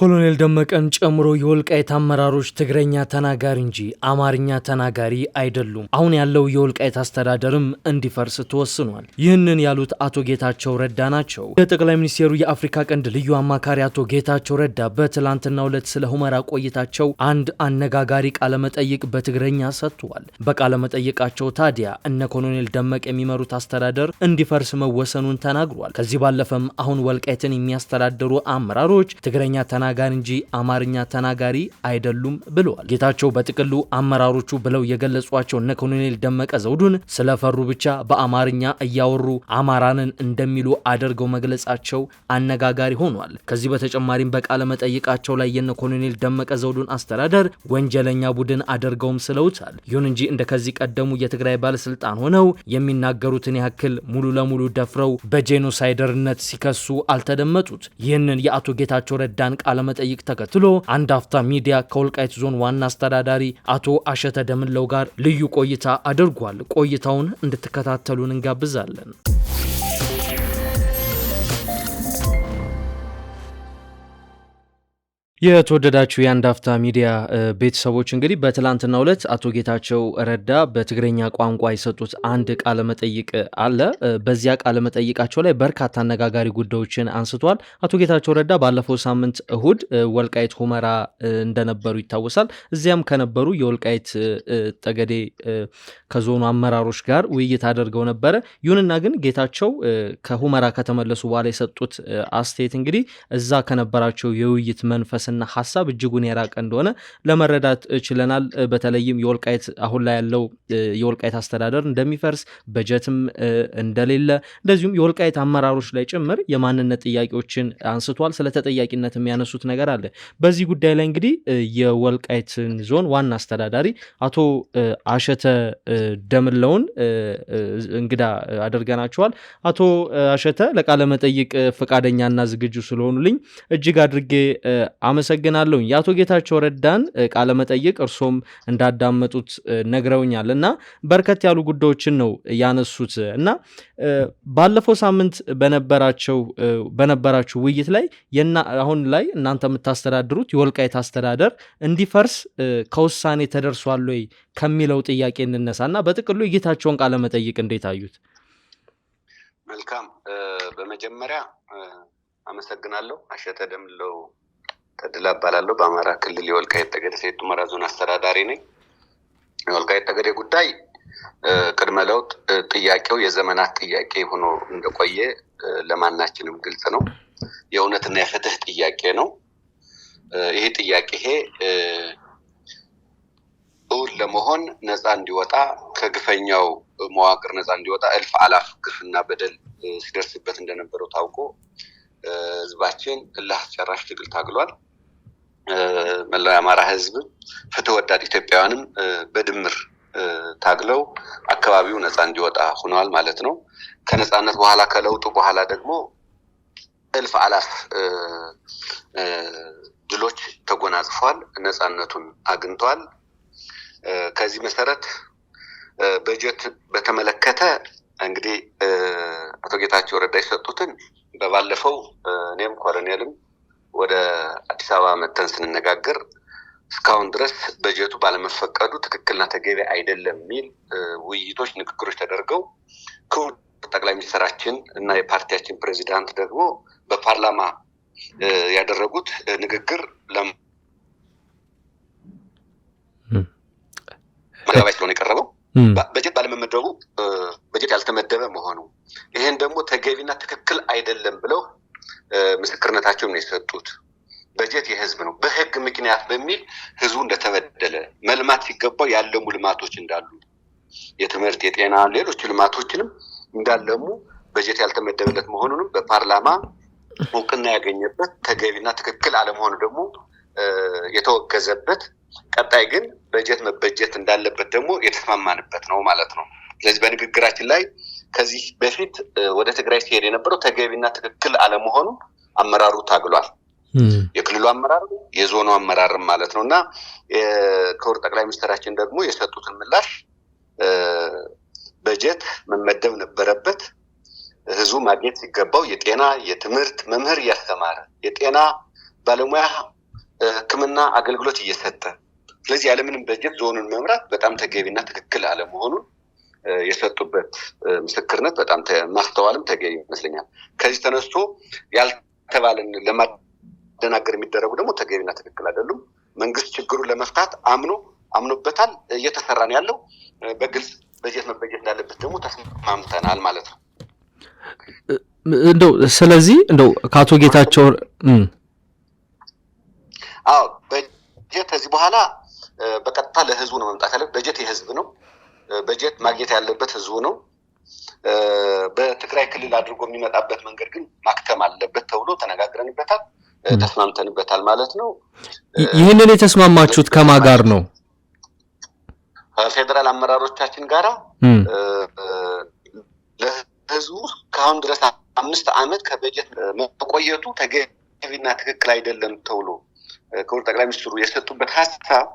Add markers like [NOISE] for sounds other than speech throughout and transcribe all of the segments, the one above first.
ኮሎኔል ደመቀን ጨምሮ የወልቃይት አመራሮች ትግረኛ ተናጋሪ እንጂ አማርኛ ተናጋሪ አይደሉም። አሁን ያለው የወልቃይት አስተዳደርም እንዲፈርስ ተወስኗል። ይህንን ያሉት አቶ ጌታቸው ረዳ ናቸው። የጠቅላይ ሚኒስትሩ የአፍሪካ ቀንድ ልዩ አማካሪ አቶ ጌታቸው ረዳ በትላንትናው ዕለት ስለ ሁመራ ቆይታቸው አንድ አነጋጋሪ ቃለመጠይቅ በትግረኛ ሰጥተዋል። በቃለመጠይቃቸው ታዲያ እነ ኮሎኔል ደመቀ የሚመሩት አስተዳደር እንዲፈርስ መወሰኑን ተናግሯል። ከዚህ ባለፈም አሁን ወልቃይትን የሚያስተዳድሩ አመራሮች ትግረኛ ተናጋሪ እንጂ አማርኛ ተናጋሪ አይደሉም ብለዋል። ጌታቸው በጥቅሉ አመራሮቹ ብለው የገለጿቸው እነ ኮሎኔል ደመቀ ዘውዱን ስለፈሩ ብቻ በአማርኛ እያወሩ አማራንን እንደሚሉ አድርገው መግለጻቸው አነጋጋሪ ሆኗል። ከዚህ በተጨማሪም በቃለ መጠይቃቸው ላይ የነ ኮሎኔል ደመቀ ዘውዱን አስተዳደር ወንጀለኛ ቡድን አድርገውም ስለውታል። ይሁን እንጂ እንደ ከዚህ ቀደሙ የትግራይ ባለስልጣን ሆነው የሚናገሩትን ያክል ሙሉ ለሙሉ ደፍረው በጄኖሳይደርነት ሲከሱ አልተደመጡት። ይህንን የአቶ ጌታቸው ረዳን ቃል ቃለመጠይቅ ተከትሎ አንድ አፍታ ሚዲያ ከወልቃይት ዞን ዋና አስተዳዳሪ አቶ አሸተ ደምለው ጋር ልዩ ቆይታ አድርጓል። ቆይታውን እንድትከታተሉን እንጋብዛለን። የተወደዳችሁ የአንድ አፍታ ሚዲያ ቤተሰቦች እንግዲህ በትላንትና ዕለት አቶ ጌታቸው ረዳ በትግረኛ ቋንቋ የሰጡት አንድ ቃለ መጠይቅ አለ። በዚያ ቃለ መጠይቃቸው ላይ በርካታ አነጋጋሪ ጉዳዮችን አንስተዋል። አቶ ጌታቸው ረዳ ባለፈው ሳምንት እሁድ ወልቃይት ሁመራ እንደነበሩ ይታወሳል። እዚያም ከነበሩ የወልቃይት ጠገዴ ከዞኑ አመራሮች ጋር ውይይት አድርገው ነበረ። ይሁንና ግን ጌታቸው ከሁመራ ከተመለሱ በኋላ የሰጡት አስተያየት እንግዲህ እዛ ከነበራቸው የውይይት መንፈስ ስሜትና ሀሳብ እጅጉን የራቀ እንደሆነ ለመረዳት ችለናል። በተለይም የወልቃይት አሁን ላይ ያለው የወልቃይት አስተዳደር እንደሚፈርስ በጀትም እንደሌለ እንደዚሁም የወልቃይት አመራሮች ላይ ጭምር የማንነት ጥያቄዎችን አንስቷል። ስለ ተጠያቂነት የሚያነሱት ነገር አለ። በዚህ ጉዳይ ላይ እንግዲህ የወልቃይትን ዞን ዋና አስተዳዳሪ አቶ አሸተ ደምለውን እንግዳ አድርገናቸዋል። አቶ አሸተ ለቃለመጠይቅ ፈቃደኛና ዝግጁ ስለሆኑልኝ እጅግ አድርጌ አመሰግናለሁኝ። የአቶ ጌታቸው ረዳን ቃለመጠይቅ እርሶም እንዳዳመጡት ነግረውኛል እና በርከት ያሉ ጉዳዮችን ነው ያነሱት እና ባለፈው ሳምንት በነበራቸው በነበራችሁ ውይይት ላይ አሁን ላይ እናንተ የምታስተዳድሩት የወልቃይት አስተዳደር እንዲፈርስ ከውሳኔ ተደርሷል ወይ ከሚለው ጥያቄ እንነሳ እና በጥቅሉ የጌታቸውን ቃለመጠይቅ እንዴት አዩት? መልካም። በመጀመሪያ አመሰግናለሁ። አሸተ ደምለው ተድላ እባላለሁ። በአማራ ክልል የወልቃይት ጠገዴ ሰቲት ሁመራ ዞን አስተዳዳሪ ነኝ። የወልቃይት ጠገዴ ጉዳይ ቅድመ ለውጥ ጥያቄው የዘመናት ጥያቄ ሆኖ እንደቆየ ለማናችንም ግልጽ ነው። የእውነትና የፍትህ ጥያቄ ነው። ይህ ጥያቄ ይሄ እውን ለመሆን ነፃ እንዲወጣ ከግፈኛው መዋቅር ነፃ እንዲወጣ እልፍ አላፍ ግፍና በደል ሲደርስበት እንደነበረው ታውቆ ህዝባችን እልህ አስጨራሽ ትግል ታግሏል። መላው የአማራ ህዝብ ፍትህ ወዳድ ኢትዮጵያውያንም በድምር ታግለው አካባቢው ነፃ እንዲወጣ ሆኗል ማለት ነው። ከነፃነት በኋላ ከለውጡ በኋላ ደግሞ እልፍ አላፍ ድሎች ተጎናጽፏል፣ ነፃነቱን አግኝቷል። ከዚህ መሰረት በጀት በተመለከተ እንግዲህ አቶ ጌታቸው ረዳ የሰጡትን በባለፈው እኔም ኮሎኔልም ወደ አዲስ አበባ መተን ስንነጋገር እስካሁን ድረስ በጀቱ ባለመፈቀዱ ትክክልና ተገቢ አይደለም የሚል ውይይቶች፣ ንግግሮች ተደርገው ክቡር ጠቅላይ ሚኒስትራችን እና የፓርቲያችን ፕሬዚዳንት ደግሞ በፓርላማ ያደረጉት ንግግር መግባቢያ ስለሆነ የቀረበው በጀት ባለመመደቡ በጀት ያልተመደበ መሆኑ ይህን ደግሞ ተገቢና ትክክል አይደለም ብለው ምስክርነታቸውን የሰጡት በጀት የህዝብ ነው። በህግ ምክንያት በሚል ህዝቡ እንደተበደለ መልማት ሲገባው ያለሙ ልማቶች እንዳሉ የትምህርት፣ የጤና፣ ሌሎች ልማቶችንም እንዳለሙ በጀት ያልተመደበለት መሆኑንም በፓርላማ እውቅና ያገኘበት ተገቢና ትክክል አለመሆኑ ደግሞ የተወገዘበት ቀጣይ ግን በጀት መበጀት እንዳለበት ደግሞ የተስማማንበት ነው ማለት ነው። ስለዚህ በንግግራችን ላይ ከዚህ በፊት ወደ ትግራይ ሲሄድ የነበረው ተገቢና ትክክል አለመሆኑ አመራሩ ታግሏል። የክልሉ አመራር የዞኑ አመራርም ማለት ነው እና ክቡር ጠቅላይ ሚኒስትራችን ደግሞ የሰጡትን ምላሽ በጀት መመደብ ነበረበት። ህዝቡ ማግኘት ሲገባው የጤና የትምህርት መምህር እያስተማረ የጤና ባለሙያ ህክምና አገልግሎት እየሰጠ ስለዚህ ያለምንም በጀት ዞኑን መምራት በጣም ተገቢና ትክክል አለመሆኑን የሰጡበት ምስክርነት በጣም ማስተዋልም ተገቢ ይመስለኛል። ከዚህ ተነስቶ ያልተባለን ለማደናገር የሚደረጉ ደግሞ ተገቢና ትክክል አይደሉም። መንግስት ችግሩን ለመፍታት አምኖ አምኖበታል፣ እየተሰራ ነው ያለው። በግልጽ በጀት መበጀት እንዳለበት ደግሞ ተስማምተናል ማለት ነው። እንደው ስለዚህ እንደው ከአቶ ጌታቸው አዎ በጀት ከዚህ በኋላ በቀጥታ ለህዝቡ ነው መምጣት ያለ። በጀት የህዝብ ነው። በጀት ማግኘት ያለበት ህዝቡ ነው። በትግራይ ክልል አድርጎ የሚመጣበት መንገድ ግን ማክተም አለበት ተብሎ ተነጋግረንበታል፣ ተስማምተንበታል ማለት ነው። ይህንን የተስማማችሁት ከማ ጋር ነው? ከፌዴራል አመራሮቻችን ጋራ ለህዝቡ ከአሁን ድረስ አምስት ዓመት ከበጀት መቆየቱ ተገቢና ትክክል አይደለም ተብሎ ክቡር ጠቅላይ ሚኒስትሩ የሰጡበት ሀሳብ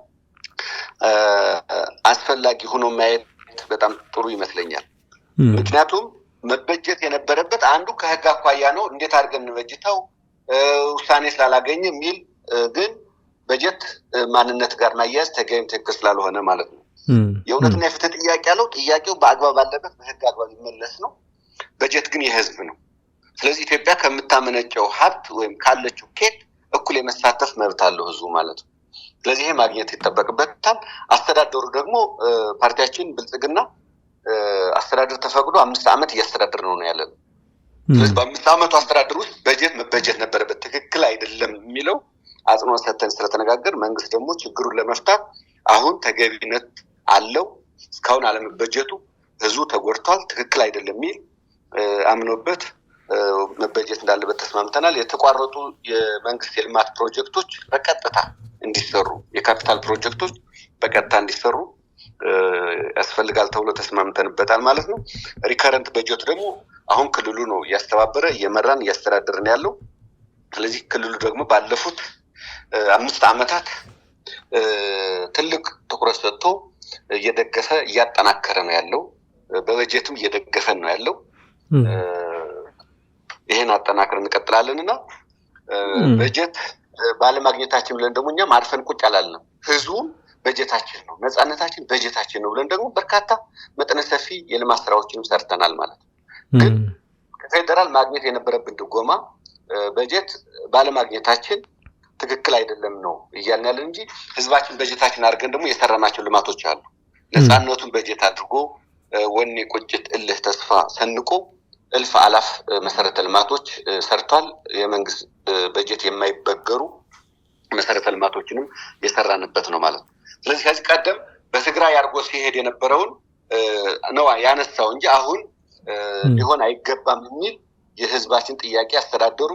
አስፈላጊ ሆኖ ማየት በጣም ጥሩ ይመስለኛል። ምክንያቱም መበጀት የነበረበት አንዱ ከህግ አኳያ ነው። እንዴት አድርገን እንበጅተው ውሳኔ ስላላገኘ የሚል ግን በጀት ማንነት ጋር ማያያዝ ተገቢም ትክክል ስላልሆነ ማለት ነው። የእውነትና የፍትህ ጥያቄ ያለው ጥያቄው በአግባብ አለበት በህግ አግባብ ይመለስ ነው። በጀት ግን የህዝብ ነው። ስለዚህ ኢትዮጵያ ከምታመነጨው ሀብት ወይም ካለችው ኬት እኩል የመሳተፍ መብት አለው ህዝቡ ማለት ነው። ስለዚህ ማግኘት ይጠበቅበታል። አስተዳደሩ ደግሞ ፓርቲያችን ብልጽግና አስተዳደር ተፈቅዶ አምስት ዓመት እያስተዳደር ነው ያለ ነው። ስለዚህ በአምስት ዓመቱ አስተዳደር ውስጥ በጀት መበጀት ነበረበት ትክክል አይደለም የሚለው አጽኖ ሰተን ስለተነጋገር መንግስት ደግሞ ችግሩን ለመፍታት አሁን ተገቢነት አለው እስካሁን አለመበጀቱ ህዝቡ ተጎድቷል፣ ትክክል አይደለም የሚል አምኖበት መበጀት እንዳለበት ተስማምተናል። የተቋረጡ የመንግስት የልማት ፕሮጀክቶች በቀጥታ እንዲሰሩ የካፒታል ፕሮጀክቶች በቀጥታ እንዲሰሩ ያስፈልጋል ተብሎ ተስማምተንበታል ማለት ነው። ሪከረንት በጀት ደግሞ አሁን ክልሉ ነው እያስተባበረ እየመራን እያስተዳደርን ያለው። ስለዚህ ክልሉ ደግሞ ባለፉት አምስት አመታት ትልቅ ትኩረት ሰጥቶ እየደገፈ እያጠናከረ ነው ያለው። በበጀትም እየደገፈን ነው ያለው። ይህን አጠናክረን እንቀጥላለን እና በጀት ባለማግኘታችን ብለን ደግሞ እኛም አርፈን ቁጭ አላልንም። ህዝቡም በጀታችን ነው፣ ነፃነታችን በጀታችን ነው ብለን ደግሞ በርካታ መጠነ ሰፊ የልማት ስራዎችንም ሰርተናል ማለት ነው። ግን ከፌደራል ማግኘት የነበረብን ድጎማ በጀት ባለማግኘታችን ትክክል አይደለም ነው እያልን ያለን እንጂ ህዝባችን በጀታችን አድርገን ደግሞ የሰራናቸው ልማቶች አሉ። ነፃነቱን በጀት አድርጎ ወኔ፣ ቁጭት፣ እልህ፣ ተስፋ ሰንቆ እልፍ አላፍ መሰረተ ልማቶች ሰርቷል። የመንግስት በጀት የማይበገሩ መሰረተ ልማቶችንም የሰራንበት ነው ማለት ነው። ስለዚህ ከዚህ ቀደም በትግራይ አድርጎ ሲሄድ የነበረውን ነው ያነሳው እንጂ አሁን ሊሆን አይገባም የሚል የህዝባችን ጥያቄ አስተዳደሩ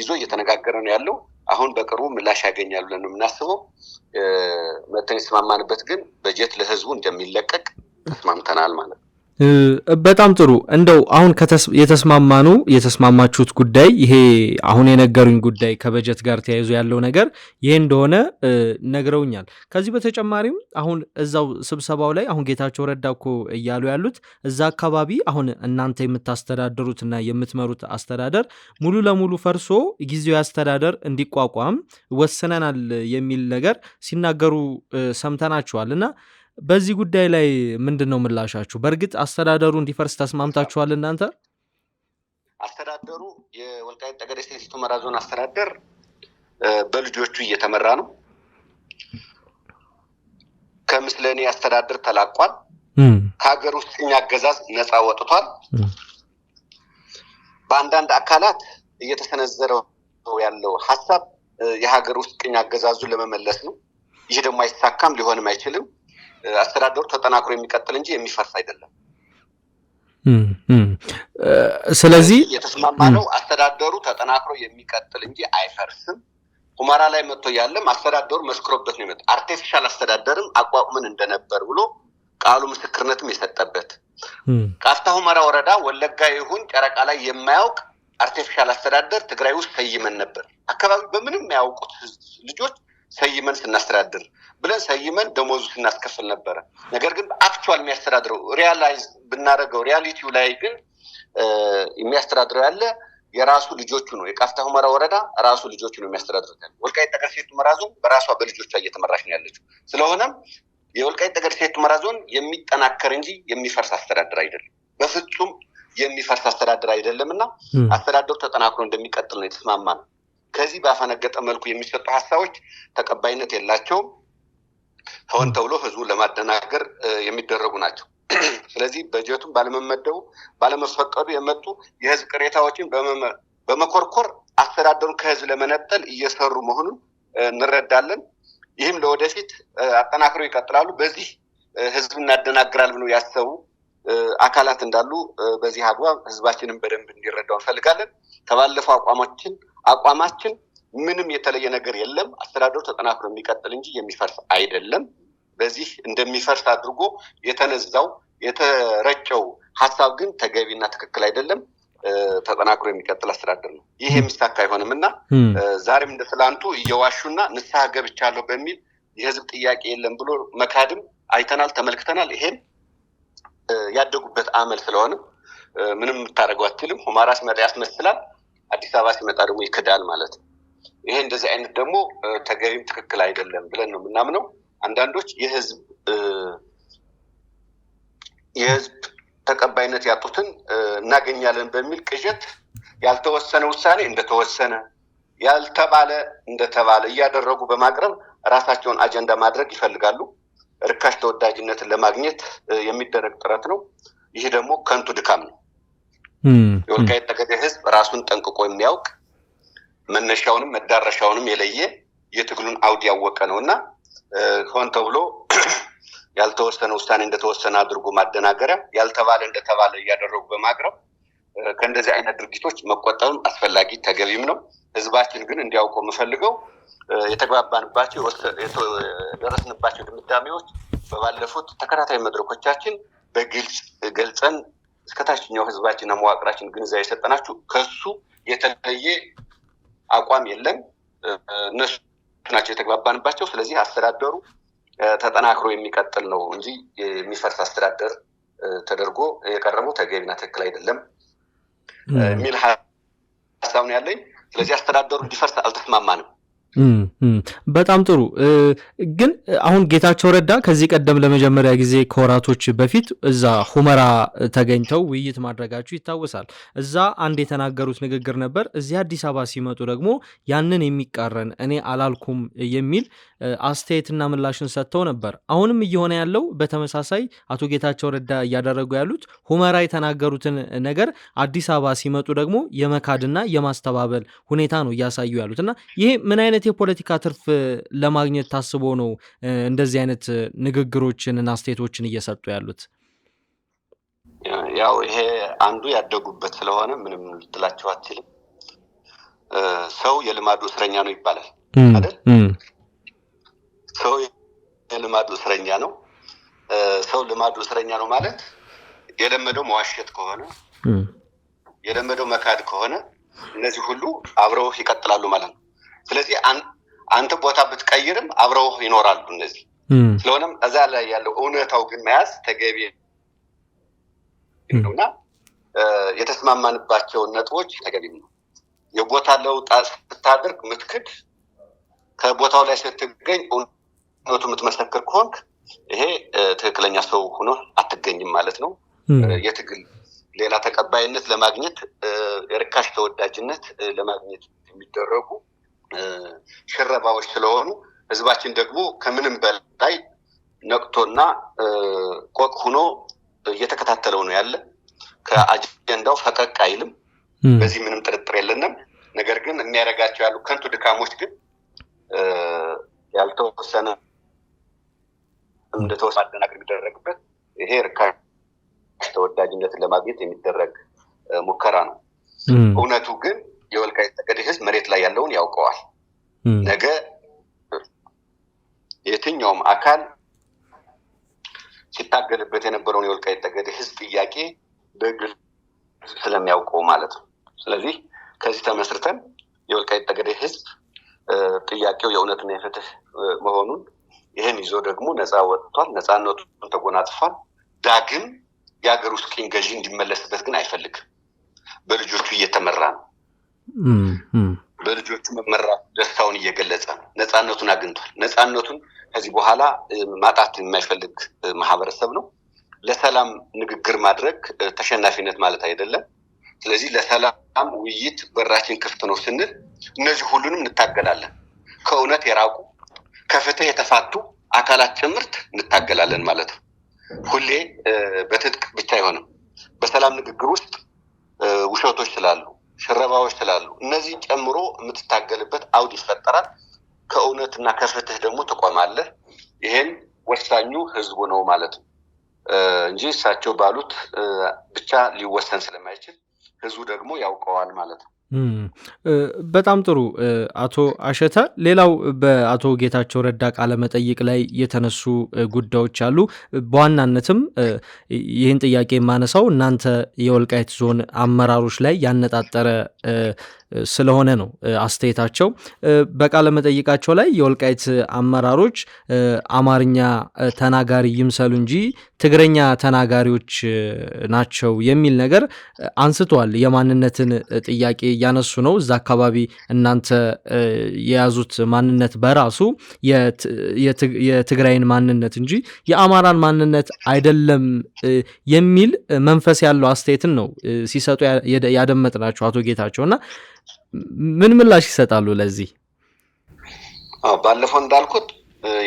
ይዞ እየተነጋገረ ነው ያለው። አሁን በቅርቡ ምላሽ ያገኛሉ ብለን የምናስበው። መተን የተስማማንበት ግን በጀት ለህዝቡ እንደሚለቀቅ ተስማምተናል ማለት ነው። በጣም ጥሩ እንደው አሁን የተስማማኑ የተስማማችሁት ጉዳይ ይሄ አሁን የነገሩኝ ጉዳይ ከበጀት ጋር ተያይዞ ያለው ነገር ይሄ እንደሆነ ነግረውኛል። ከዚህ በተጨማሪም አሁን እዛው ስብሰባው ላይ አሁን ጌታቸው ረዳ እኮ እያሉ ያሉት እዛ አካባቢ አሁን እናንተ እና የምትመሩት አስተዳደር ሙሉ ለሙሉ ፈርሶ ጊዜያዊ አስተዳደር እንዲቋቋም ወስነናል የሚል ነገር ሲናገሩ ሰምተናችኋል እና በዚህ ጉዳይ ላይ ምንድን ነው ምላሻችሁ? በእርግጥ አስተዳደሩ እንዲፈርስ ተስማምታችኋል እናንተ? አስተዳደሩ የወልቃይት ጠገዴ ሰቲት ሁመራ ዞን አስተዳደር በልጆቹ እየተመራ ነው። ከምስለኔ አስተዳደር ተላቋል። ከሀገር ውስጥኛ አገዛዝ ነፃ ወጥቷል። በአንዳንድ አካላት እየተሰነዘረው ያለው ሀሳብ የሀገር ውስጥ ቅኝ አገዛዙን ለመመለስ ነው። ይህ ደግሞ አይሳካም፣ ሊሆንም አይችልም። አስተዳደሩ ተጠናክሮ የሚቀጥል እንጂ የሚፈርስ አይደለም። ስለዚህ ነው። አስተዳደሩ ተጠናክሮ የሚቀጥል እንጂ አይፈርስም። ሁመራ ላይ መጥቶ ያለም አስተዳደሩ መስክሮበት ነው የመጣው። አርቲፊሻል አስተዳደርም አቋቁመን እንደነበር ብሎ ቃሉ ምስክርነትም የሰጠበት ቃፍታ ሁመራ ወረዳ ወለጋ ይሁን ጨረቃ ላይ የማያውቅ አርቲፊሻል አስተዳደር ትግራይ ውስጥ ሰይመን ነበር። አካባቢ በምንም የማያውቁት ልጆች ሰይመን ስናስተዳድር ብለን ሰይመን ደሞዙ ስናስከፍል ነበረ። ነገር ግን አክቹዋል የሚያስተዳድረው ሪያላይዝ ብናደርገው ሪያሊቲው ላይ ግን የሚያስተዳድረው ያለ የራሱ ልጆቹ ነው። የቃፍታ ሁመራ ወረዳ ራሱ ልጆቹ ነው የሚያስተዳድረው። ወልቃይት ጠገዴ ሰቲት ሁመራ ዞን በራሷ በልጆቿ እየተመራች ነው ያለችው። ስለሆነም የወልቃይት ጠገዴ ሰቲት ሁመራ ዞን የሚጠናከር እንጂ የሚፈርስ አስተዳደር አይደለም፣ በፍጹም የሚፈርስ አስተዳደር አይደለም እና አስተዳደሩ ተጠናክሮ እንደሚቀጥል ነው የተስማማ ነው። ከዚህ ባፈነገጠ መልኩ የሚሰጡ ሀሳቦች ተቀባይነት የላቸውም። ሆን ተብሎ ህዝቡን ለማደናገር የሚደረጉ ናቸው። [CLEARS THROAT] ስለዚህ በጀቱን ባለመመደቡ ባለመፈቀዱ የመጡ የህዝብ ቅሬታዎችን በመኮርኮር አስተዳደሩን ከህዝብ ለመነጠል እየሰሩ መሆኑን እንረዳለን። ይህም ለወደፊት አጠናክረው ይቀጥላሉ። በዚህ ህዝብ እናደናግራል ብሎ ያሰቡ አካላት እንዳሉ በዚህ አግባብ ህዝባችንን በደንብ እንዲረዳው እንፈልጋለን። ከባለፈው አቋማችን አቋማችን ምንም የተለየ ነገር የለም። አስተዳደሩ ተጠናክሮ የሚቀጥል እንጂ የሚፈርስ አይደለም። በዚህ እንደሚፈርስ አድርጎ የተነዛው የተረጨው ሀሳብ ግን ተገቢና ትክክል አይደለም። ተጠናክሮ የሚቀጥል አስተዳደር ነው። ይህ የሚሳካ አይሆንም እና ዛሬም እንደ ትላንቱ እየዋሹና ንስሐ ገብቻለሁ በሚል የህዝብ ጥያቄ የለም ብሎ መካድም አይተናል፣ ተመልክተናል። ይሄም ያደጉበት አመል ስለሆነ ምንም የምታደርገው አትልም። ሁማራስ መሪ ያስመስላል። አዲስ አበባ ሲመጣ ደግሞ ይክዳል ማለት ነው። ይሄ እንደዚህ አይነት ደግሞ ተገቢም ትክክል አይደለም ብለን ነው የምናምነው። አንዳንዶች የህዝብ የህዝብ ተቀባይነት ያጡትን እናገኛለን በሚል ቅዠት ያልተወሰነ ውሳኔ እንደተወሰነ ያልተባለ እንደተባለ እያደረጉ በማቅረብ ራሳቸውን አጀንዳ ማድረግ ይፈልጋሉ። እርካሽ ተወዳጅነትን ለማግኘት የሚደረግ ጥረት ነው። ይህ ደግሞ ከንቱ ድካም ነው። የወልቃይት ጠገዴ ህዝብ ራሱን ጠንቅቆ የሚያውቅ መነሻውንም መዳረሻውንም የለየ የትግሉን አውድ ያወቀ ነው እና ሆን ተብሎ [CLEARS THROAT] ያልተወሰነ ውሳኔ እንደተወሰነ አድርጎ ማደናገሪያ ያልተባለ እንደተባለ እያደረጉ በማቅረብ ከእንደዚህ አይነት ድርጊቶች መቆጠብም አስፈላጊ ተገቢም ነው። ህዝባችን ግን እንዲያውቀው የምፈልገው የተግባባንባቸው የደረስንባቸው ድምዳሜዎች በባለፉት ተከታታይ መድረኮቻችን በግልጽ ገልጸን እስከታችኛው ህዝባችንና መዋቅራችን ግንዛቤ የሰጠናችሁ ከሱ የተለየ አቋም የለም። እነሱ ናቸው የተግባባንባቸው። ስለዚህ አስተዳደሩ ተጠናክሮ የሚቀጥል ነው እንጂ የሚፈርስ አስተዳደር ተደርጎ የቀረበው ተገቢና ትክክል አይደለም የሚል ሀሳብ ነው ያለኝ። ስለዚህ አስተዳደሩ እንዲፈርስ አልተስማማንም። በጣም ጥሩ ግን አሁን ጌታቸው ረዳ ከዚህ ቀደም ለመጀመሪያ ጊዜ ከወራቶች በፊት እዛ ሁመራ ተገኝተው ውይይት ማድረጋችሁ ይታወሳል። እዛ አንድ የተናገሩት ንግግር ነበር። እዚህ አዲስ አበባ ሲመጡ ደግሞ ያንን የሚቃረን እኔ አላልኩም የሚል አስተያየትና ምላሽን ሰጥተው ነበር። አሁንም እየሆነ ያለው በተመሳሳይ አቶ ጌታቸው ረዳ እያደረጉ ያሉት ሁመራ የተናገሩትን ነገር አዲስ አበባ ሲመጡ ደግሞ የመካድና የማስተባበል ሁኔታ ነው እያሳዩ ያሉት እና ይሄ ምን አይነት አይነት የፖለቲካ ትርፍ ለማግኘት ታስቦ ነው እንደዚህ አይነት ንግግሮችን እና ስቴቶችን እየሰጡ ያሉት? ያው ይሄ አንዱ ያደጉበት ስለሆነ ምንም ልትላቸው አትችልም። ሰው የልማዱ እስረኛ ነው ይባላል አይደል? ሰው የልማዱ እስረኛ ነው። ሰው ልማዱ እስረኛ ነው ማለት የለመደው መዋሸት ከሆነ የለመደው መካድ ከሆነ እነዚህ ሁሉ አብረው ይቀጥላሉ ማለት ነው። ስለዚህ አንተ ቦታ ብትቀይርም አብረው ይኖራሉ እነዚህ። ስለሆነም እዛ ላይ ያለው እውነታው ግን መያዝ ተገቢ ነውና የተስማማንባቸውን ነጥቦች ተገቢም ነው። የቦታ ለውጣ ስታደርግ ምትክድ ከቦታው ላይ ስትገኝ እውነቱ የምትመሰክር ከሆንክ ይሄ ትክክለኛ ሰው ሆኖ አትገኝም ማለት ነው። የትግል ሌላ ተቀባይነት ለማግኘት የርካሽ ተወዳጅነት ለማግኘት የሚደረጉ ሽረባዎች ስለሆኑ ህዝባችን ደግሞ ከምንም በላይ ነቅቶና ቆቅ ሆኖ እየተከታተለው ነው ያለ። ከአጀንዳው ፈቀቅ አይልም። በዚህ ምንም ጥርጥር የለንም። ነገር ግን የሚያደርጋቸው ያሉ ከንቱ ድካሞች ግን ያልተወሰነ እንደተወሰነ ማደናገር የሚደረግበት ይሄ ርካሽ ተወዳጅነትን ለማግኘት የሚደረግ ሙከራ ነው። እውነቱ ግን የወልቃይት ጠገዴ ህዝብ መሬት ላይ ያለውን ያውቀዋል። ነገ የትኛውም አካል ሲታገልበት የነበረውን የወልቃይት ጠገዴ ህዝብ ጥያቄ በግል ስለሚያውቀው ማለት ነው። ስለዚህ ከዚህ ተመስርተን የወልቃይት ጠገዴ ህዝብ ጥያቄው የእውነትና የፍትህ መሆኑን ይህን ይዞ ደግሞ ነፃ ወጥቷል፣ ነፃነቱን ተጎናጽፏል። ዳግም የሀገር ውስጥ ቅኝ ገዢ እንዲመለስበት ግን አይፈልግም። በልጆቹ እየተመራ ነው። በልጆቹ መመራት ደስታውን እየገለጸ ነው። ነፃነቱን አግኝቷል። ነፃነቱን ከዚህ በኋላ ማጣት የማይፈልግ ማህበረሰብ ነው። ለሰላም ንግግር ማድረግ ተሸናፊነት ማለት አይደለም። ስለዚህ ለሰላም ውይይት በራችን ክፍት ነው ስንል እነዚህ ሁሉንም እንታገላለን። ከእውነት የራቁ ከፍትህ የተፋቱ አካላት ጭምርት እንታገላለን ማለት ነው። ሁሌ በትጥቅ ብቻ አይሆንም። በሰላም ንግግር ውስጥ ውሸቶች ስላሉ ሽረባዎች ትላሉ። እነዚህን ጨምሮ የምትታገልበት አውድ ይፈጠራል። ከእውነትና ከፍትህ ደግሞ ትቆማለህ። ይሄን ወሳኙ ህዝቡ ነው ማለት ነው እንጂ እሳቸው ባሉት ብቻ ሊወሰን ስለማይችል ህዝቡ ደግሞ ያውቀዋል ማለት ነው። በጣም ጥሩ አቶ አሸተ። ሌላው በአቶ ጌታቸው ረዳ ቃለ መጠይቅ ላይ የተነሱ ጉዳዮች አሉ። በዋናነትም ይህን ጥያቄ የማነሳው እናንተ የወልቃይት ዞን አመራሮች ላይ ያነጣጠረ ስለሆነ ነው አስተየታቸው በቃለ መጠይቃቸው ላይ የወልቃይት አመራሮች አማርኛ ተናጋሪ ይምሰሉ እንጂ ትግረኛ ተናጋሪዎች ናቸው የሚል ነገር አንስቷል። የማንነትን ጥያቄ እያነሱ ነው። እዛ አካባቢ እናንተ የያዙት ማንነት በራሱ የትግራይን ማንነት እንጂ የአማራን ማንነት አይደለም የሚል መንፈስ ያለው አስተያየትን ነው ሲሰጡ ያደመጥናቸው አቶ ጌታቸው እና ምን ምላሽ ይሰጣሉ ለዚህ? ባለፈው እንዳልኩት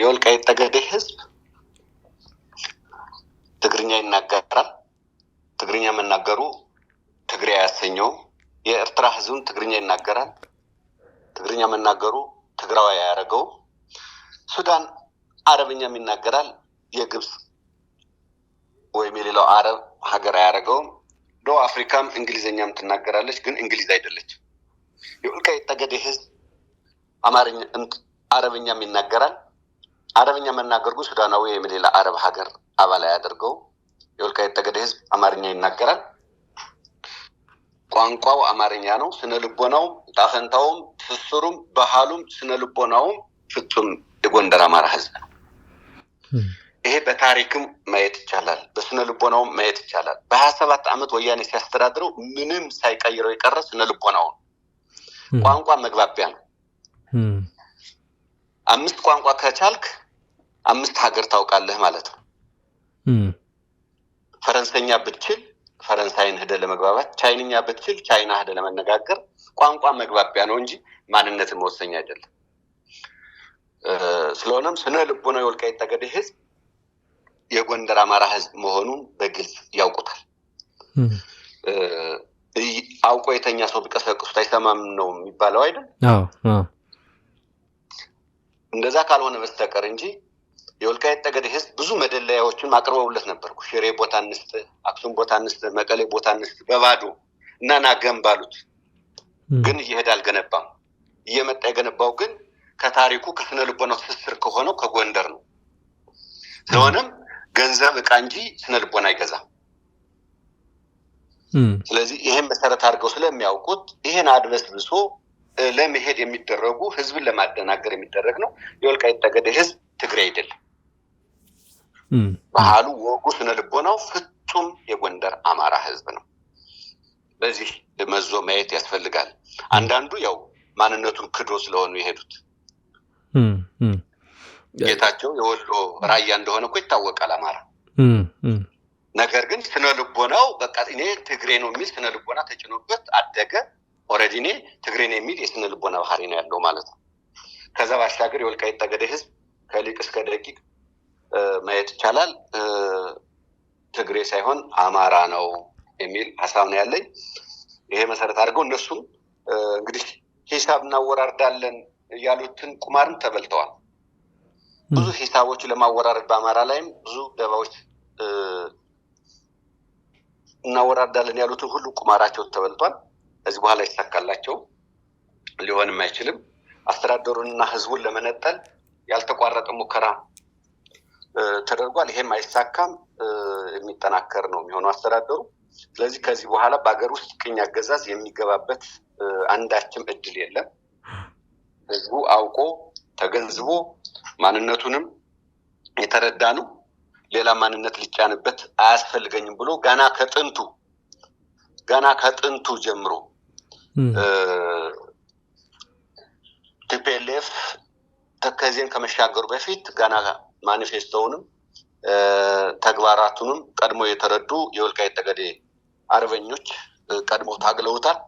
የወልቃይት ጠገዴ ህዝብ ትግርኛ ይናገራል። ትግርኛ መናገሩ ትግሬ አያሰኘውም። የኤርትራ ህዝብም ትግርኛ ይናገራል። ትግርኛ መናገሩ ትግራዊ አያደርገውም። ሱዳን አረብኛም ይናገራል። የግብፅ ወይም የሌላው አረብ ሀገር አያደርገውም። ደቡብ አፍሪካም እንግሊዝኛም ትናገራለች፣ ግን እንግሊዝ አይደለችም። የወልቃይት ጠገዴ ህዝብ አማርኛ አረብኛም ይናገራል። አረብኛ መናገር ግን ሱዳናዊ ወይም አረብ ሀገር አባላይ አድርገው የወልቃይት ጠገዴ ህዝብ አማርኛ ይናገራል። ቋንቋው አማርኛ ነው። ስነ ልቦናውም፣ ጣፈንታውም፣ ትስስሩም፣ ባህሉም፣ ስነ ልቦናውም ፍጹም የጎንደር አማራ ህዝብ ነው። ይሄ በታሪክም ማየት ይቻላል። በስነ ልቦናውም ማየት ይቻላል። በሀያ ሰባት ዓመት ወያኔ ሲያስተዳድረው ምንም ሳይቀይረው የቀረ ስነ ልቦናው ነው። ቋንቋ መግባቢያ ነው። አምስት ቋንቋ ከቻልክ አምስት ሀገር ታውቃለህ ማለት ነው። ፈረንሳይኛ ብትችል ፈረንሳይን ህደ ለመግባባት፣ ቻይንኛ ብትችል ቻይና ህደ ለመነጋገር ቋንቋ መግባቢያ ነው እንጂ ማንነትን መወሰኛ አይደለም። ስለሆነም ስነ ልቦና የወልቃይት ጠገዴ ህዝብ የጎንደር አማራ ህዝብ መሆኑን በግልጽ ያውቁታል። አውቆ የተኛ ሰው ቢቀሰቅሱት አይሰማም ነው የሚባለው አይደል? እንደዛ ካልሆነ በስተቀር እንጂ የወልቃይት ጠገዴ ህዝብ ብዙ መደለያዎችን አቅርበውለት ነበር። ሽሬ ቦታ እንስጥ፣ አክሱም ቦታ እንስጥ፣ መቀሌ ቦታ እንስጥ በባዶ እና ናገም ባሉት ግን እየሄደ አልገነባም። እየመጣ የገነባው ግን ከታሪኩ ከስነ ልቦናው ትስስር ከሆነው ከጎንደር ነው። ስለሆነም ገንዘብ እቃ እንጂ ስነ ልቦና አይገዛም። ስለዚህ ይሄን መሰረት አድርገው ስለሚያውቁት ይሄን አድበስብሶ ለመሄድ የሚደረጉ ህዝብን ለማደናገር የሚደረግ ነው። የወልቃይት ጠገዴ ህዝብ ትግሬ አይደለም። ባህሉ፣ ወጉ፣ ስነ ልቦናው ፍጹም የጎንደር አማራ ህዝብ ነው። በዚህ መዞ ማየት ያስፈልጋል። አንዳንዱ ያው ማንነቱን ክዶ ስለሆኑ የሄዱት ጌታቸው የወሎ ራያ እንደሆነ እኮ ይታወቃል አማራ። ነገር ግን ስነ ልቦናው በቃ እኔ ትግሬ ነው የሚል ስነ ልቦና ተጭኖበት አደገ። ኦልሬዲ እኔ ትግሬ ነው የሚል የስነ ልቦና ባህሪ ነው ያለው ማለት ነው። ከዛ ባሻገር የወልቃይት ጠገዴ ህዝብ ከሊቅ እስከ ደቂቅ ማየት ይቻላል። ትግሬ ሳይሆን አማራ ነው የሚል ሀሳብ ነው ያለኝ። ይሄ መሰረት አድርገው እነሱም እንግዲህ ሂሳብ እናወራርዳለን ያሉትን ቁማርም ተበልተዋል። ብዙ ሂሳቦች ለማወራረድ በአማራ ላይም ብዙ ደባዎች እናወራርዳለን ያሉትን ሁሉ ቁማራቸው ተበልቷል። እዚህ በኋላ ይሳካላቸው ሊሆንም አይችልም። አስተዳደሩንና ህዝቡን ለመነጠል ያልተቋረጠ ሙከራ ተደርጓል። ይሄም አይሳካም፣ የሚጠናከር ነው የሚሆነው አስተዳደሩ። ስለዚህ ከዚህ በኋላ በሀገር ውስጥ ቅኝ አገዛዝ የሚገባበት አንዳችም እድል የለም። ህዝቡ አውቆ ተገንዝቦ ማንነቱንም የተረዳ ነው። ሌላ ማንነት ሊጫንበት አያስፈልገኝም ብሎ ገና ከጥንቱ ገና ከጥንቱ ጀምሮ ቲፒኤልኤፍ ተከዜን ከመሻገሩ በፊት ገና ማኒፌስቶውንም ተግባራቱንም ቀድሞ የተረዱ የወልቃይት ጠገዴ አርበኞች ቀድሞ ታግለውታል።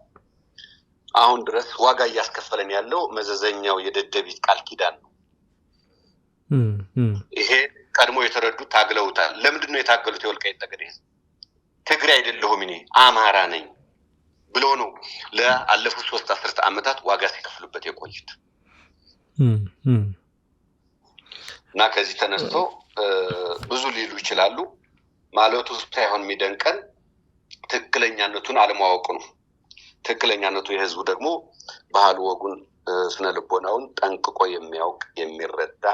አሁን ድረስ ዋጋ እያስከፈለን ያለው መዘዘኛው የደደቢት ቃል ኪዳን ነው። ይሄ ቀድሞ የተረዱ ታግለውታል። ለምንድን ነው የታገሉት? የወልቃይት ጠገዴ ትግሬ አይደለሁም እኔ አማራ ነኝ ብሎ ነው ለአለፉት ሶስት አስርተ ዓመታት ዋጋ ሲከፍሉበት የቆዩት። እና ከዚህ ተነስቶ ብዙ ሊሉ ይችላሉ ማለቱ ሳይሆን የሚደንቀን ትክክለኛነቱን አለማወቁ ነው። ትክክለኛነቱ የህዝቡ ደግሞ ባህል፣ ወጉን፣ ስነ ልቦናውን ጠንቅቆ የሚያውቅ የሚረዳ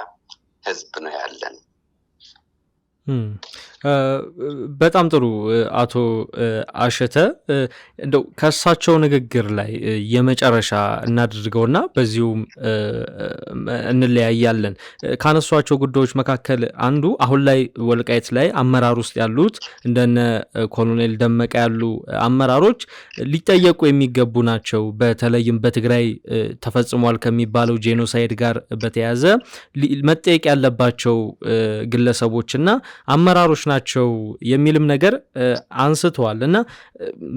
ህዝብ ነው ያለን። በጣም ጥሩ አቶ አሸተ እንደው ከእሳቸው ንግግር ላይ የመጨረሻ እናድርገውና በዚሁም እንለያያለን። ካነሷቸው ጉዳዮች መካከል አንዱ አሁን ላይ ወልቃይት ላይ አመራር ውስጥ ያሉት እንደነ ኮሎኔል ደመቀ ያሉ አመራሮች ሊጠየቁ የሚገቡ ናቸው። በተለይም በትግራይ ተፈጽሟል ከሚባለው ጄኖሳይድ ጋር በተያያዘ መጠየቅ ያለባቸው ግለሰቦችና አመራሮች ናቸው የሚልም ነገር አንስተዋል እና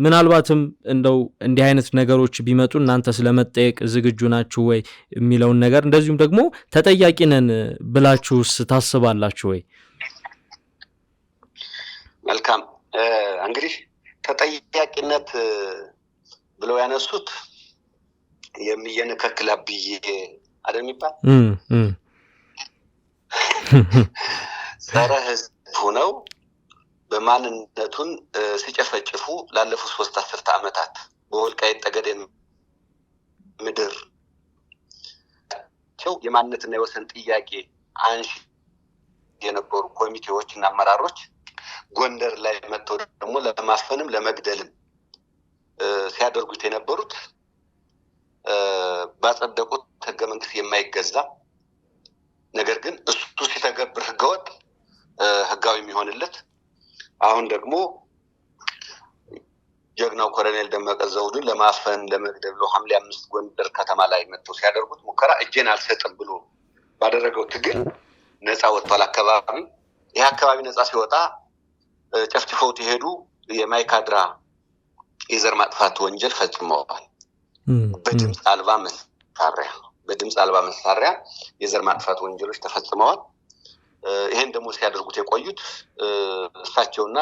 ምናልባትም እንደው እንዲህ አይነት ነገሮች ቢመጡ እናንተ ስለመጠየቅ ዝግጁ ናችሁ ወይ የሚለውን ነገር እንደዚሁም ደግሞ ተጠያቂ ነን ብላችሁስ ታስባላችሁ ወይ? መልካም እንግዲህ ተጠያቂነት ብለው ያነሱት የሚየነከክላ ብዬ አደ የሚባል [LAUGHS] ጸረ ህዝብ ሆነው በማንነቱን ሲጨፈጭፉ ላለፉት ሶስት አስርተ ዓመታት በወልቃይት ጠገዴ ምድር የማንነትና የወሰን ጥያቄ አንሺ የነበሩ ኮሚቴዎች እና አመራሮች ጎንደር ላይ መጥተው ደግሞ ለማፈንም ለመግደልም ሲያደርጉት የነበሩት ባጸደቁት ህገ መንግስት የማይገዛ ነገር ግን እሱ ሲተገብር ህገወጥ ተግባራዊ የሚሆንለት አሁን ደግሞ ጀግናው ኮሎኔል ደመቀ ዘውዱን ለማፈን ለመግደብ ለሐምሌ አምስት ጎንደር ከተማ ላይ መጥተው ሲያደርጉት ሙከራ እጄን አልሰጥም ብሎ ባደረገው ትግል ነፃ ወጥቷል አካባቢ። ይህ አካባቢ ነፃ ሲወጣ ጨፍጭፈውት የሄዱ የማይካድራ የዘር ማጥፋት ወንጀል ፈጽመዋል። በድምፅ አልባ መሳሪያ በድምፅ አልባ መሳሪያ የዘር ማጥፋት ወንጀሎች ተፈጽመዋል። ይሄን ደግሞ ሲያደርጉት የቆዩት እሳቸውና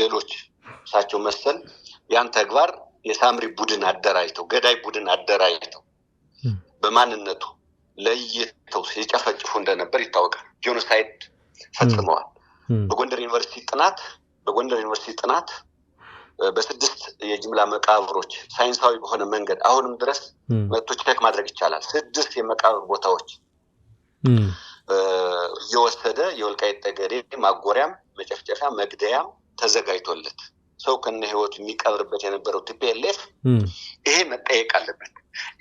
ሌሎች እሳቸው መሰል ያን ተግባር የሳምሪ ቡድን አደራጅተው ገዳይ ቡድን አደራጅተው በማንነቱ ለይተው ሲጨፈጭፉ እንደነበር ይታወቃል። ጆኖሳይድ ፈጽመዋል። በጎንደር ዩኒቨርሲቲ ጥናት በጎንደር ዩኒቨርሲቲ ጥናት በስድስት የጅምላ መቃብሮች ሳይንሳዊ በሆነ መንገድ አሁንም ድረስ መቶች ቼክ ማድረግ ይቻላል። ስድስት የመቃብር ቦታዎች እየወሰደ የወልቃይት ጠገዴ ማጎሪያም መጨፍጨፊያ መግደያ ተዘጋጅቶለት ሰው ከነ ህይወቱ የሚቀብርበት የነበረው ቲፒኤልኤፍ ይሄ መጠየቅ አለበት።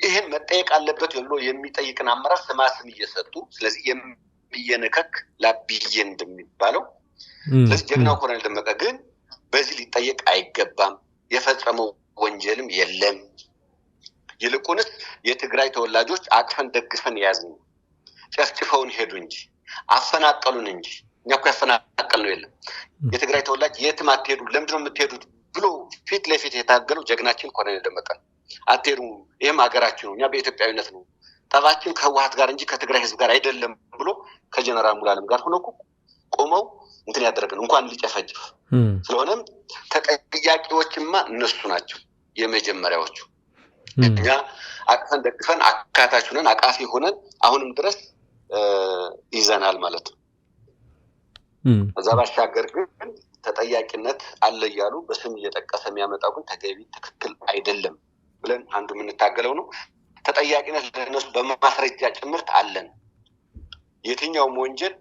ይሄን መጠየቅ አለበት ብሎ የሚጠይቅን አመራር ስማስም እየሰጡ ስለዚህ የሚየነከክ ላብዬ እንደሚባለው ስለዚህ ጀግናው ኮሎኔል ደመቀ ግን በዚህ ሊጠየቅ አይገባም፣ የፈጸመው ወንጀልም የለም። ይልቁንስ የትግራይ ተወላጆች አቅፈን ደግፈን የያዝ ነው ጨፍጭፈውን ሄዱ እንጂ አፈናቀሉን እንጂ እኛ እኮ ያፈናቀል ነው የለም። የትግራይ ተወላጅ የትም አትሄዱ፣ ለምድ ነው የምትሄዱት ብሎ ፊት ለፊት የታገለው ጀግናችን ኮሎኔል ደመቀ ነው። ይህም ሀገራችን ነው፣ እኛ በኢትዮጵያዊነት ነው ጠባችን ከህወሀት ጋር እንጂ ከትግራይ ህዝብ ጋር አይደለም ብሎ ከጀነራል ሙላለም ጋር ሆነ ቆመው እንትን ያደረግን እንኳን ሊጨፈጭፍ። ስለሆነም ተጠያቂዎችማ እነሱ ናቸው የመጀመሪያዎቹ። እኛ አቅፈን ደግፈን አካታች ሆነን አቃፊ ሆነን አሁንም ድረስ ይዘናል ማለት ነው። ከዛ ባሻገር ግን ተጠያቂነት አለ እያሉ በስም እየጠቀሰ የሚያመጣው ግን ተገቢ ትክክል አይደለም ብለን አንዱ የምንታገለው ነው። ተጠያቂነት ለነሱ በማስረጃ ጭምርት አለን። የትኛውም ወንጀል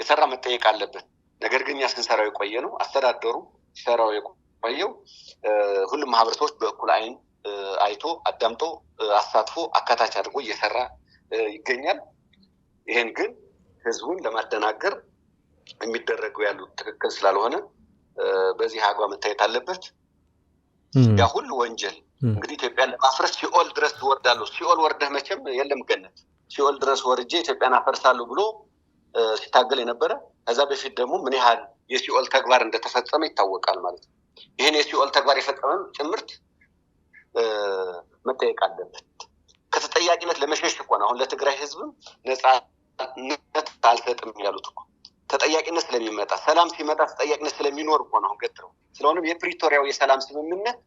የሰራ መጠየቅ አለበት። ነገር ግን እኛ ስንሰራው የቆየ ነው። አስተዳደሩ ሲሰራው የቆየው ሁሉም ማህበረሰቦች በእኩል አይን አይቶ አዳምጦ አሳትፎ አካታች አድርጎ እየሰራ ይገኛል። ይሄን ግን ህዝቡን ለማደናገር የሚደረጉ ያሉት ትክክል ስላልሆነ በዚህ አግባ መታየት አለበት። ያ ሁሉ ወንጀል እንግዲህ ኢትዮጵያን ለማፍረስ ሲኦል ድረስ ወርዳሉ ሲኦል ወርደህ መቼም የለም ገነት። ሲኦል ድረስ ወርጄ ኢትዮጵያን አፈርሳሉ ብሎ ሲታገል የነበረ ከዛ በፊት ደግሞ ምን ያህል የሲኦል ተግባር እንደተፈጸመ ይታወቃል ማለት ነው። ይህን የሲኦል ተግባር የፈጸመም ጭምርት መጠየቅ አለበት። ከተጠያቂነት ለመሸሽ እኮ አሁን ለትግራይ ህዝብም ነጻ ነት አልሰጥም ያሉት እኮ ተጠያቂነት ስለሚመጣ ሰላም ሲመጣ ተጠያቂነት ስለሚኖር እኮ ነው። አሁን ገጥረው ስለሆነም የፕሪቶሪያው የሰላም ስምምነት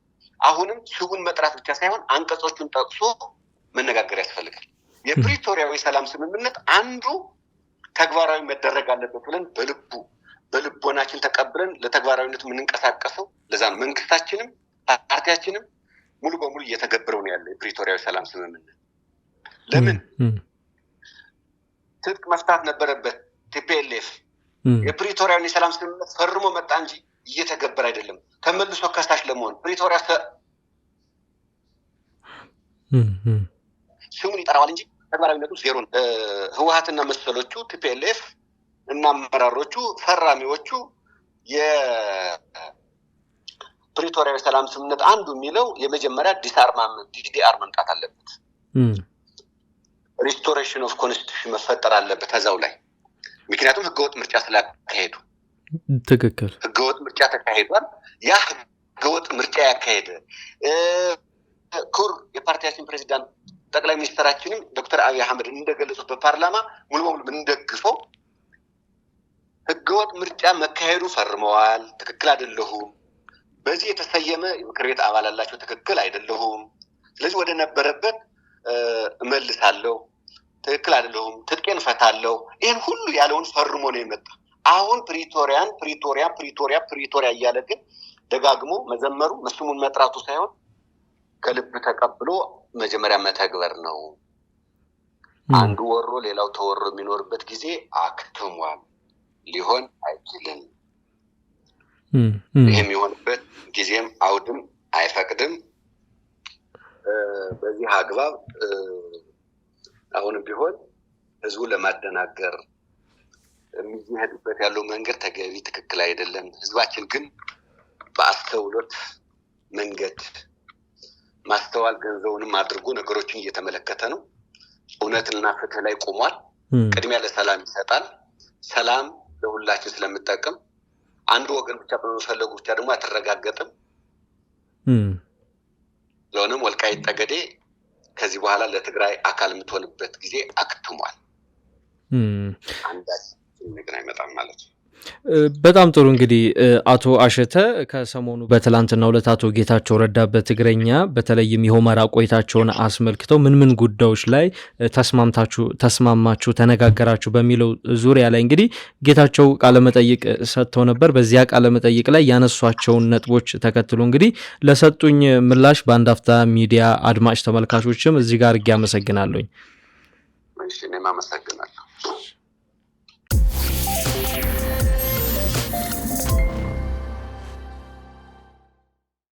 አሁንም ስሙን መጥራት ብቻ ሳይሆን አንቀጾቹን ጠቅሶ መነጋገር ያስፈልጋል። የፕሪቶሪያው የሰላም ስምምነት አንዱ ተግባራዊ መደረግ አለበት ብለን በልቡ በልቦናችን ተቀብለን ለተግባራዊነቱ የምንንቀሳቀሰው ለዛ ነው። መንግስታችንም ፓርቲያችንም ሙሉ በሙሉ እየተገበረው ነው ያለው የፕሪቶሪያዊ ሰላም ስምምነት ለምን ትጥቅ መፍታት ነበረበት። ቲፒኤልኤፍ የፕሪቶሪያን የሰላም ስምምነት ፈርሞ መጣ እንጂ እየተገበር አይደለም። ከመልሶ ከሳሽ ለመሆን ፕሪቶሪያ ስሙን ይጠራዋል እንጂ ተግባራዊነቱ ዜሮ ህወሀትና መሰሎቹ ቲፒኤልኤፍ እና አመራሮቹ ፈራሚዎቹ የፕሪቶሪያ የሰላም ስምምነት አንዱ የሚለው የመጀመሪያ ዲስአርማም ዲዲአር መምጣት አለበት። ሪስቶሬሽን ኦፍ ኮንስቲቱሽን መፈጠር አለበት እዛው ላይ ምክንያቱም ህገወጥ ምርጫ ስላካሄዱ ትክክል ህገወጥ ምርጫ ተካሂዷል። ያ ህገወጥ ምርጫ ያካሄደ ኩር የፓርቲያችን ፕሬዚዳንት ጠቅላይ ሚኒስትራችንም ዶክተር አብይ አህመድ እንደገለጹት በፓርላማ ሙሉ በሙሉ ምንደግፈው ህገወጥ ምርጫ መካሄዱ ፈርመዋል። ትክክል አይደለሁም፣ በዚህ የተሰየመ ምክር ቤት አባል አላቸው፣ ትክክል አይደለሁም፣ ስለዚህ ወደ ነበረበት እመልሳለሁ ትክክል አይደለሁም፣ ትጥቄን ፈታለሁ፣ ይህን ሁሉ ያለውን ፈርሞ ነው የመጣ። አሁን ፕሪቶሪያን ፕሪቶሪያ ፕሪቶሪያ ፕሪቶሪያ እያለ ግን ደጋግሞ መዘመሩ መስሙን መጥራቱ ሳይሆን ከልብ ተቀብሎ መጀመሪያ መተግበር ነው። አንዱ ወሮ ሌላው ተወሮ የሚኖርበት ጊዜ አክትሟል ሊሆን አይችልም። ይህ የሚሆንበት ጊዜም አውድም አይፈቅድም። በዚህ አግባብ አሁንም ቢሆን ህዝቡን ለማደናገር የሚሄዱበት ያለው መንገድ ተገቢ፣ ትክክል አይደለም። ህዝባችን ግን በአስተውሎት መንገድ ማስተዋል ገንዘቡንም አድርጎ ነገሮችን እየተመለከተ ነው። እውነትና ፍትህ ላይ ቆሟል። ቅድሚያ ለሰላም ይሰጣል። ሰላም ለሁላችን ስለምጠቅም አንድ ወገን ብቻ በመፈለጉ ብቻ ደግሞ አትረጋገጥም። ስለሆነም ወልቃይት ጠገዴ ከዚህ በኋላ ለትግራይ አካል የምትሆንበት ጊዜ አክትሟል። አንዳ ነገር አይመጣም ማለት ነው። በጣም ጥሩ እንግዲህ አቶ አሸተ ከሰሞኑ በትላንትና ሁለት አቶ ጌታቸው ረዳ በትግረኛ በተለይም የሆመራ ቆይታቸውን አስመልክተው ምን ምን ጉዳዮች ላይ ተስማምታችሁ ተስማማችሁ ተነጋገራችሁ በሚለው ዙሪያ ላይ እንግዲህ ጌታቸው ቃለመጠይቅ ሰጥተው ነበር። በዚያ ቃለመጠይቅ ላይ ያነሷቸውን ነጥቦች ተከትሎ እንግዲህ ለሰጡኝ ምላሽ በአንድ አፍታ ሚዲያ አድማጭ ተመልካቾችም እዚህ ጋር አድርጌ አመሰግናለሁኝ። እኔም አመሰግናለሁ።